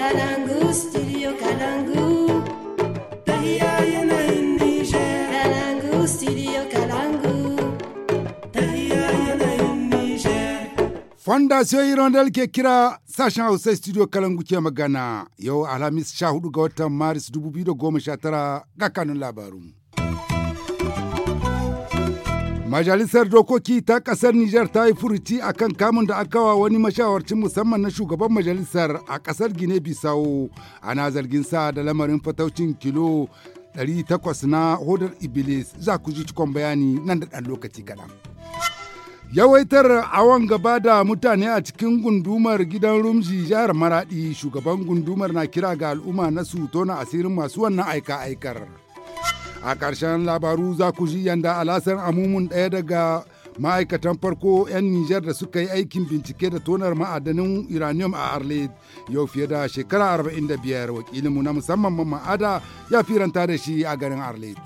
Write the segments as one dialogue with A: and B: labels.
A: Kalangu, siyo Kalangu.
B: ke kira sashen Hausa studio Kalangu ke magana yau Alhamis hudu ga watan Maris dubu biyu da goma tara ga kanun labarun. Majalisar Dokoki ta ƙasar Nijar ta yi furuci a kan kamun da aka wa wani mashawarcin musamman na shugaban majalisar a ƙasar gine bisau Ana zargin sa da lamarin fataucin kilo 800 na hodar Iblis za ku ji cikon bayani nan da ɗan lokaci kaɗan. yawaitar awon gaba da mutane a cikin gundumar gidan rumji jihar Maraɗi shugaban gundumar na kira ga al'umma na su tona asirin masu wannan aika-aikar. a ƙarshen labaru za ku ji yanda alasan amumun ɗaya daga ma'aikatan farko 'yan Nijar da suka yi aikin bincike da tonar ma'adanin uranium a Arlet yau fiye da shekara 45 wakilinmu na musamman ma'ada ya firanta da shi a garin Arlet.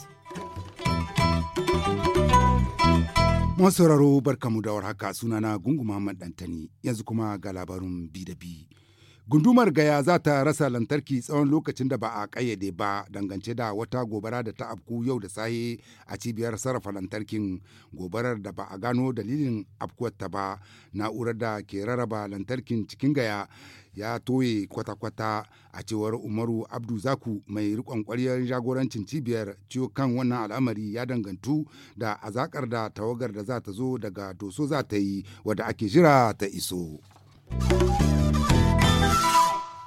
B: masauraro barkamu da warhaka sunana gungu Muhammad Dantani yanzu kuma ga labarin bi da bi. Gundumar Gaya za ta rasa lantarki tsawon lokacin da ba a ƙayyade ba dangance da wata gobara da ta afku yau da sahi a cibiyar sarrafa lantarkin gobarar da ba a gano dalilin afkuwarta ba na'urar da ke rarraba lantarkin cikin gaya ya toye kwata-kwata a cewar umaru abdu zaku mai rikon ƙwaryar jagorancin cibiyar ciwo kan wannan al'amari ya dangantu da azakar da tawagar da za ta zo daga doso za ta yi wadda ake jira ta iso.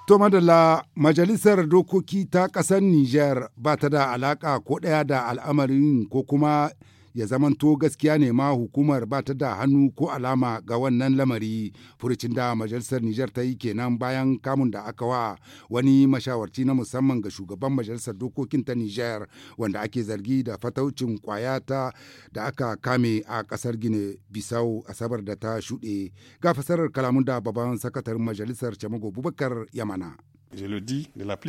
B: To madalla majalisar dokoki ta ƙasar Nijar ba ta da alaƙa ko ɗaya da al'amarin ko kuma ya zamanto gaskiya ne ma hukumar ba ta da hannu ko alama ga wannan lamari furucin da majalisar Nijar ta yi kenan bayan kamun da aka wa wani mashawarci na musamman ga shugaban majalisar dokokin ta Nijar wanda ake zargi da fataucin kwaya ta da aka kame a kasar Gine Bisau asabar da ta shuɗe ga fasarar kalamun da babban sakataren majalisar Chamago Bubakar Yamana.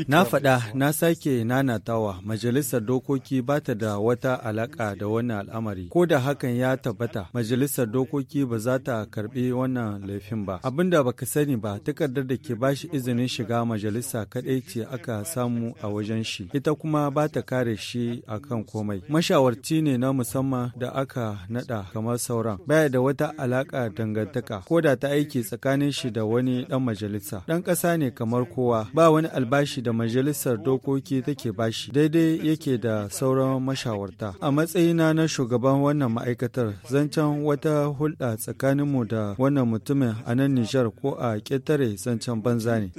B: Na faɗa na sake
C: nanatawa majalisar dokoki ba ta da wata alaƙa da wannan al'amari. Ko da hakan ya tabbata majalisar dokoki ba za ta karɓi wannan laifin ba. Abinda baka sani ba takardar da ke bashi izinin shiga majalisa kaɗai ce aka samu a wajen shi. Ita kuma ba ta kare shi akan komai. Mashawarci ne na musamman da aka naɗa kamar sauran. Baya da wata alaƙa dangantaka ko da ta aiki tsakanin shi da wani ɗan majalisa. Ɗan ƙasa ne kamar kowa ba wani albashi da majalisar dokoki take bashi daidai yake da sauran mashawarta a matsayina na shugaban wannan ma'aikatar zancen wata hulɗa tsakaninmu da wannan mutumin a nan nijar ko a ƙetare
B: zancen banza ne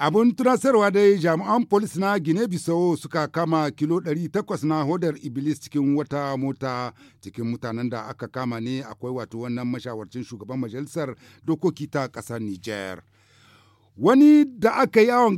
B: Abun tunasarwa dai jami'an polis na Gine-Bisau suka kama kilo 800 na hodar Iblis cikin wata mota cikin mutanen da aka kama ne akwai wato wannan mashawarcin shugaban majalisar dokoki ta ƙasar Nijar. Wani da aka yi awon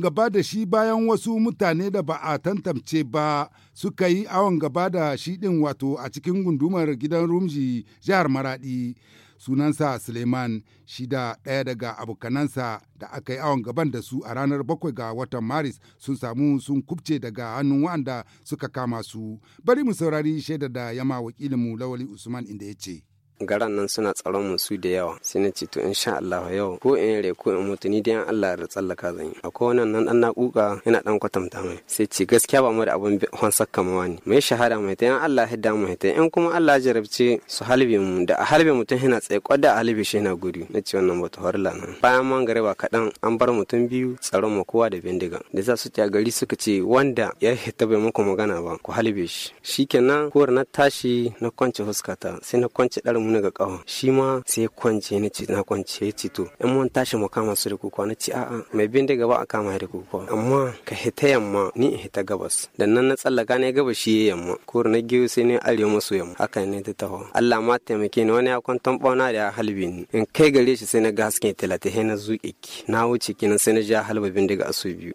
B: gaba da shi bayan wasu mutane da ba a tantance ba suka yi awon gaba da shi ɗin wato a cikin gundumar gidan Rumji jihar Maradi. Sunansa Suleiman shi da ɗaya daga abokanansa da aka yi awon gaban da su a ranar bakwai ga watan Maris sun samu sun kubce daga hannun wa'anda suka kama su. Bari mu saurari shaida da yama wakilinmu Lawali Usman inda ya ce.
D: garan nan suna tsaron musu su da yawa sai na ce to sha Allah yau ko in yare ko in mutu ni dai Allah ya tsallaka zan yi akwai wannan nan dan nakuka yana dan kwatanta mai sai ce gaskiya ba mu da abun hansa kamawa ne mai shahada mai ta yan Allah ya hidda mu ta in kuma Allah ya jarabce su halbe mu da a halbe mutum yana tsaye kwada a halbe shi yana guri na ce wannan bata horla nan bayan man gare ba kaɗan an bar mutum biyu tsaron mu kowa da bindiga da za su ta gari suka ce wanda ya hita bai muku magana ba ku halbe shi shikenan kowar na tashi na kwance huskata sai na kwance ɗarin muna ga kawon shi ma sai kwance na ci na kwance ya ci to in mun tashi mu kama su da kuka na ci a'a mai bin da ba a kama da kuka amma ka hita yamma ni in hita gabas dan nan na tsallaka ne gabas shi ya yamma ko na giyo sai ne arewa maso yamma haka ne ta taho Allah ma taimake ni wani ya kwantan bauna da halbi ni in kai gare shi sai na ga hasken talata na zuƙi na wuce kinan sai na ja halba bin daga asu biyu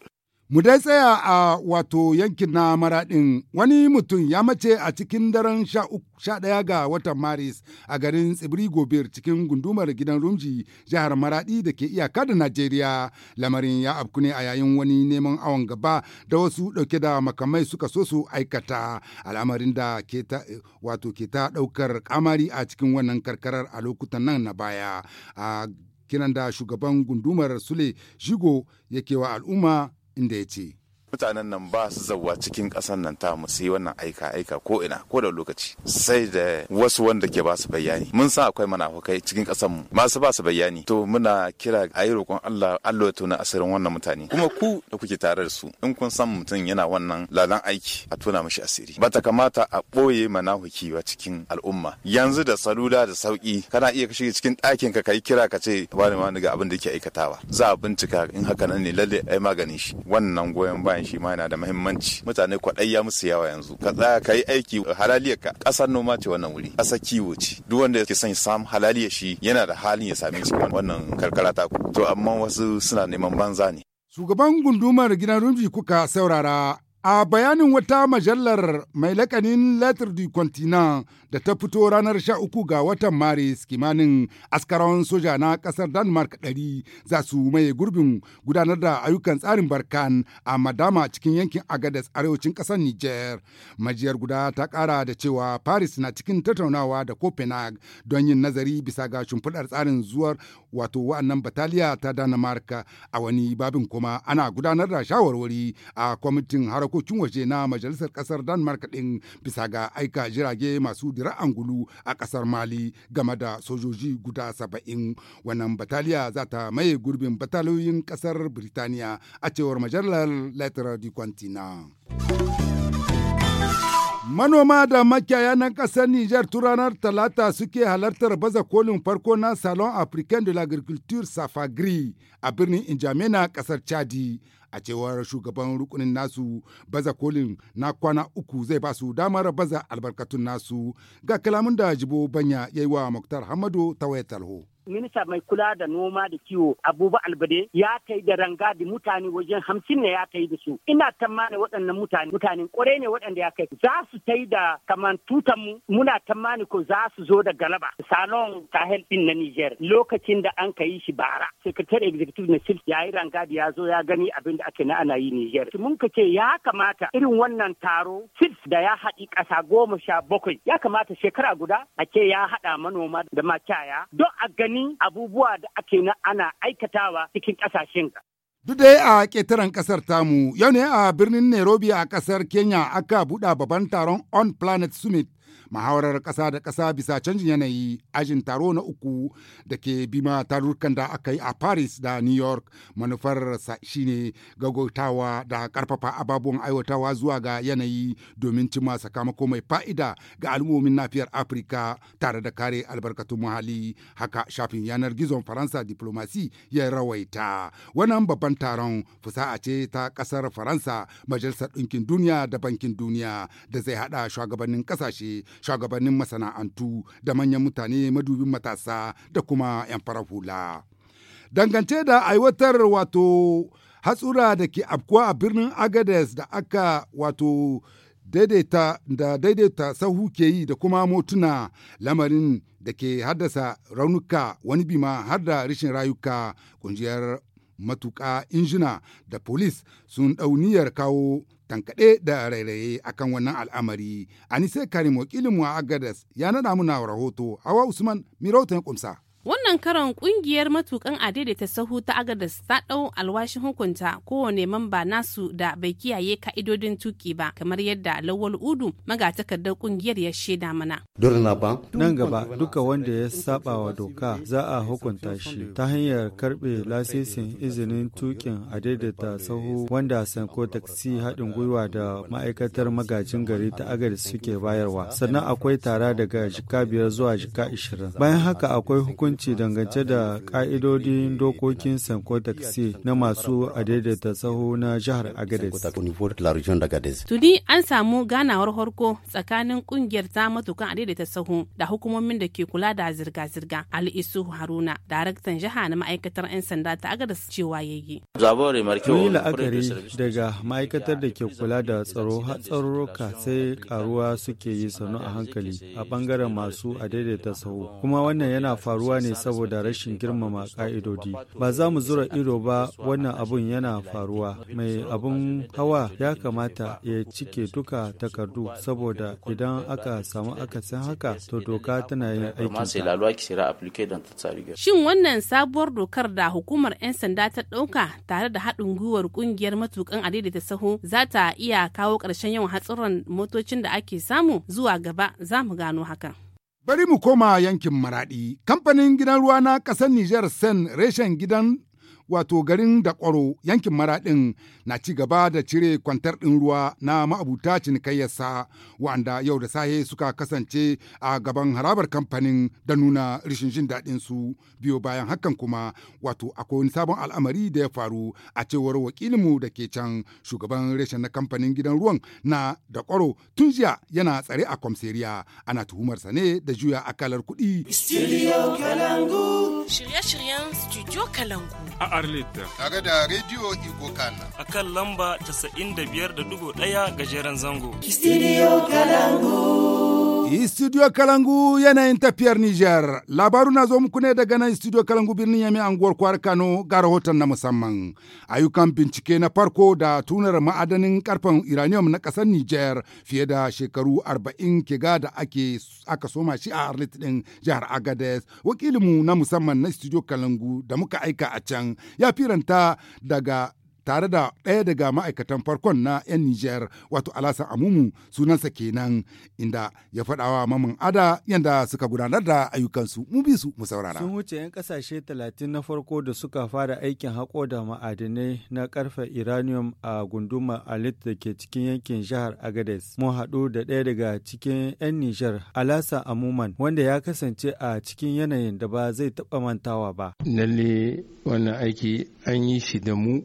B: Mu dai tsaya a wato yankin na maraɗin wani mutum ya mace a cikin daren sha ɗaya ga watan Maris a garin Tsibiri Gobir cikin gundumar gidan Rumji jihar Maraɗi da ke iyaka da Najeriya. Lamarin ya afku ne a yayin wani neman awon gaba da wasu ɗauke da makamai suka so su aikata al'amarin da ke ta wato ke ta ɗaukar kamari a cikin wannan karkarar a lokutan nan na baya. A kiran da shugaban gundumar Sule Shigo yake wa al'umma inda ya ce mutanen nan ba su zauwa cikin ƙasar nan ta mu sai wannan aika aika ko ina ko da lokaci sai da wasu wanda ke ba su bayani mun san akwai manafukai cikin ƙasar mu masu ba su bayani to muna kira a yi roƙon Allah Allah ya tona asirin wannan mutane kuma ku da kuke tare da su in kun san mutum yana wannan lalan aiki a tona mishi asiri bata kamata a ɓoye manahuki ba cikin al'umma yanzu da salula da sauki kana iya kashi cikin ɗakin ka kai kira ka ce ba ni ga abin da yake aikatawa za a bincika in haka nan ne lalle ai magani shi wannan goyon bayan wannan shi ma yana da muhimmanci mutane kwaɗai ya musu yawa yanzu ka tsaya ka yi aiki halaliyar ka ƙasar noma ce wannan wuri ƙasar kiwo ce duk wanda yake son sam halaliyar shi yana da halin ya same shi wannan karkara ta to amma wasu suna neman banza ne shugaban gundumar gidan rumji kuka saurara A bayanin wata majallar mai lakanin Letter du Continent da ta fito ranar sha uku ga watan Maris kimanin askarawan soja na kasar Denmark 100 za su maye gurbin gudanar da ayyukan tsarin Barkan a Madama cikin yankin Agadez arewacin kasar Niger. Majiyar guda ta kara da cewa Paris na cikin tattaunawa da Copenhagen don yin nazari bisa ga shimfiɗar tsarin zuwar wato wa'annan bataliya ta danmark a wani babin kuma ana gudanar da shawarwari a kwamitin harkokin harkokin waje na majalisar kasar Denmark ɗin bisa ga aika jirage masu dira angulu a kasar Mali game da sojoji guda saba'in. Wannan bataliya za ta maye gurbin bataliyoyin kasar Birtaniya a cewar majalar Letter du continent Manoma da makiyaya na ƙasar Nijar tun ranar Talata suke halartar baza kolin farko na Salon African de l'Agriculture Safagri a birnin Injamena ƙasar Chadi. A cewar shugaban rukunin nasu baza kolin na kwana uku zai ba su damar baza albarkatun nasu ga kalamun da Jibo Banya ya wa Muktar Hamadu ta wayar talho.
C: minista
D: mai kula da noma da kiwo abubu albade ya kai da ranga da mutane wajen hamsin ne ya kai da su ina tamani waɗannan mutane mutanen ƙware ne waɗanda ya kai za su tai da kaman tutan mu muna tamani ko za su zo da galaba salon sahel din na niger lokacin da an kai shi bara secretary executive na sil ya yi ranga da ya zo ya gani abin da ake na ana yi niger mun ka ce ya kamata irin wannan taro sil da ya haɗi ƙasa goma sha bakwai ya kamata shekara guda a ce ya haɗa manoma da makiyaya don a gani gani abubuwa da ake na ana aikatawa cikin ƙasashen
B: Duk dai a ƙetaren ƙasar tamu, yau ne a birnin Nairobi a ƙasar Kenya aka buɗa babban taron On Planet Summit muhawarar ƙasa da ƙasa bisa canjin yanayi ajin taro na uku da ke bima tarurrukan da aka yi a paris da new york manufar shine gagotawa da ƙarfafa ababuwan aiwatawa zuwa ga yanayi domin cimma sakamako mai fa'ida ga al'ummomin nafiyar afirka tare da kare albarkatun muhalli haka shafin yanar gizon faransa diplomasi ya rawaita wannan babban taron fusa'a ce ta ƙasar faransa majalisar ɗinkin duniya da bankin duniya da zai haɗa shugabannin ƙasashe shugabannin masana'antu da manyan mutane madubin matasa da kuma 'yan farahula hula. Dangance da aiwatar wato hatsura da ke afkuwa a birnin Agades da aka wato daidaita da daidaita sahu ke yi da kuma motuna lamarin da ke haddasa raunuka wani bima har da rashin rayuka kungiyar matuƙa injina da polis sun ɗauniyar kawo tankaɗe da rairaye akan wannan al'amari anise karim wakilinmu a agadas ya naɗa muna rahoto hawa usman mirautan kumsa
D: wannan karon kungiyar matukan adaidaita sahu ta agadas ta dau alwashin hukunta kowane mamba nasu da bai kiyaye ka'idodin tuki ba kamar yadda lawal udu magatakardar kungiyar ya shaida mana
C: nan gaba duka wanda ya saba wa doka za a hukunta shi ta hanyar karbe lasisin izinin tukin adaidaita sahu wanda sanko taksi haɗin gwiwa da ma'aikatar magajin gari ta agadas suke bayarwa sannan akwai tara daga jika biyar zuwa jika ashirin bayan haka akwai hukunci dangance da ƙa'idodin dokokin sanko na masu adaidaita tsaho na jihar
D: agades Tuni an samu ganawar harko tsakanin kungiyar ta matukan adaidaita tsaho da hukumomin da ke kula da zirga-zirga Ali isuhu Haruna, daraktan jiha na ma'aikatar 'yan sanda ta Agadez cewa ya yi.
B: yi la'akari
C: daga ma'aikatar da ke kula da tsaro tsaroroka sai karuwa suke yi sannu a hankali a bangaren masu adaidaita tsaho Kuma wannan yana faruwa ne saboda rashin girmama ƙa'idodi. Ba za mu zura ido ba wannan abun yana faruwa. Mai abun hawa ya kamata ya cike duka takardu saboda idan aka samu akasin haka to doka tana yin aiki.
D: Shin wannan sabuwar dokar da hukumar 'yan sanda ta ɗauka tare da haɗin gwiwar ƙungiyar matukan adaidaita sahu za ta iya kawo ƙarshen yawan hatsuran motocin da ake samu zuwa gaba za mu gano hakan.
B: Bari mu koma yankin Maraɗi, kamfanin gidan ruwa na ƙasar Nijar Sen reshen gidan wato garin da kwaro yankin maraɗin na ci gaba da cire kwantar ɗin ruwa na ma'abuta cinikayyarsa wa'anda yau da sahe suka kasance a gaban harabar kamfanin da nuna rishin jin daɗin su biyo bayan hakan kuma wato akwai wani sabon al'amari da ya faru a cewar wakilinmu da ke can shugaban reshen na kamfanin gidan ruwan na da kwaro tun jiya yana tsare a kwamseriya ana tuhumarsa ne da juya akalar kuɗi. Studio Kalangu.
D: shirye-shiryen studio kalangu
B: a arlita tare da rediyo igokana a kan
C: lamba 95.1 gajeren zango studio kalangu
B: Studio Kalangu yanayin tafiyar Nijar. Labaru na zo muku ne daga nan Studio Kalangu birnin Yami anguwar Kwar Kano ga rahoton na musamman. Ayyukan bincike na farko da tunar ma'adanin karfen uranium na ƙasar Nijar fiye da shekaru 40 kiga da ake aka soma shi a Arlit din jihar Agadez. Wakilinmu na musamman na Studio Kalangu da muka aika a can ya firanta daga tare da ɗaya daga ma'aikatan farkon na 'yan Nijar wato alasa Amumu sunansa kenan inda ya faɗawa maman ada yadda suka gudanar da ayyukansu mu bi su mu saurara. Sun
C: wuce 'yan ƙasashe talatin na farko da suka fara aikin haƙo da ma'adinai na ƙarfe iranium a gunduma Alit da ke cikin yankin jihar Agades. Mun haɗu da ɗaya daga cikin 'yan Nijar alasa Amuman wanda ya kasance a cikin yanayin da ba zai taɓa mantawa ba.
A: Lalle wannan aiki an yi shi da mu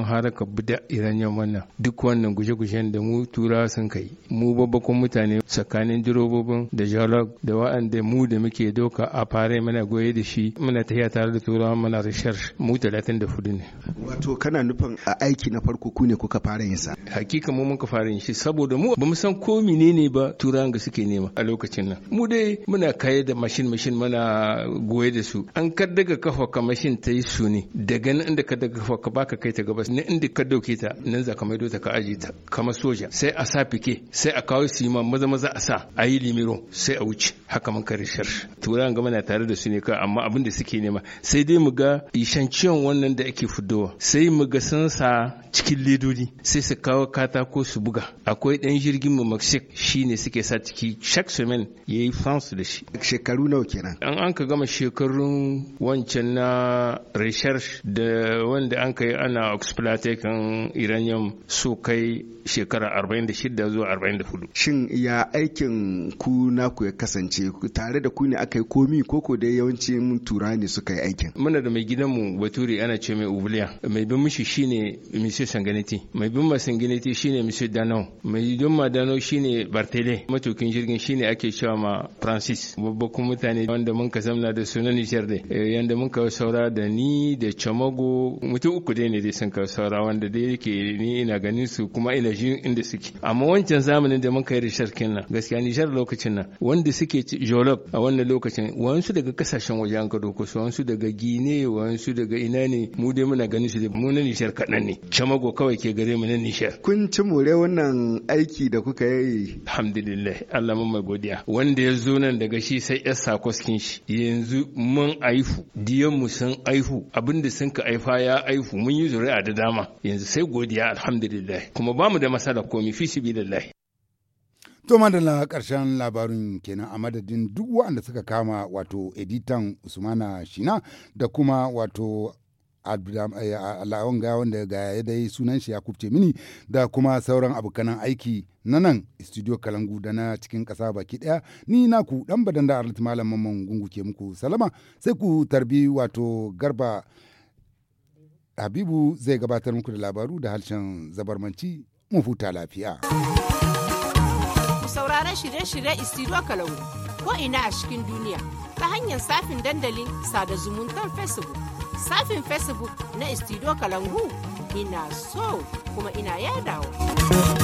A: haraka buda bida iran yamman duk wannan guje-gushen da mu tura sun kai mu babbakon mutane tsakanin jirobobin da jalog da wa'anda mu da muke doka a fare mana goye da shi muna tafiya tare da turawa mana research mu talatin da hudu ne wato kana nufin a aiki na farko ku ne kuka fara yin sa hakika mu muka fara yin shi saboda mu bamu san ko menene ba turawan ga suke nema a lokacin nan mu dai muna kaye da mashin mashin mana goye da su an kaddaga kafa ka mashin ta yi su ne daga nan da ka daga kafa ka baka kai ta gaba tabbas ne inda ka dauke ta nan za ka maido ta ka aji ta kamar soja sai a sa fike sai a kawo su ma maza maza a sa a yi limiro sai a wuce haka man kare shar turan gama na tare da su ne ka amma abin da suke nema sai dai mu ga ciwon wannan da ake fudowa sai mu ga sun sa cikin ledodi sai su kawo katako su buga akwai dan jirgin mu Mexico shine suke sa ciki Shak Semen yayi France da shi shekaru nawa kenan an an ka gama shekarun wancan na research da wanda an kai ana platekan uranium su kai shekara 46 zuwa 44 shin ya aikin ku naku ya kasance tare da ku ne aka yi komi koko yawanci yawancin tura ne suka yi aikin muna da mai gidanmu baturi ana ce mai ubuliya mai bin mishi shine monsieur sanganiti mai bin ma sanganiti shine monsieur dano mai don ma dano shine bartele matukin jirgin shine ake cewa ma francis kuma mutane wanda mun ka zamna da su na nijar da eh, yanda mun ka saura da ni da chamago mutum uku dai ne dai sun ka saura wanda dai yake ni ina ganin su kuma ina shi inda suke amma wancan zamanin da muka yi risharkin nan gaskiya nishar lokacin nan wanda suke jolof a wannan lokacin wansu daga kasashen waje an ka doko wansu daga gine wansu daga ina ne mu dai muna ganin su da mu na nishar kaɗan ne camago kawai ke gare mu na nishar kun ci more wannan aiki da kuka yi alhamdulillah Allah mun mai godiya wanda ya zo nan daga shi sai ya sako shi yanzu mun aifu diyan mu sun aifu abinda sun ka aifa ya aifu mun yi zuri'a da dama yanzu sai godiya alhamdulillah kuma ba mu da masala komi fi
B: To madalla karshen labarin kenan a madadin duk waɗanda suka kama wato editan Usmana Shina da kuma wato eh, Allahun wanda ga ya dai sunan shi ya kubce mini da kuma sauran abokanan aiki na nan studio Kalangu da na cikin kasa baki ɗaya ni naku ɗan badan da Arlit Malam Mamman Gungu ke muku salama sai ku tarbi wato garba Habibu zai gabatar muku da labaru da harshen zabarmanci mu huta lafiya.
D: Ku Sauraron shirye-shirye Istiduwa Kalangu ko ina a cikin duniya ta hanyar safin dandalin sada zumuntar Facebook. Safin Facebook na Istiduwa Kalangu ina so kuma ina yadawa.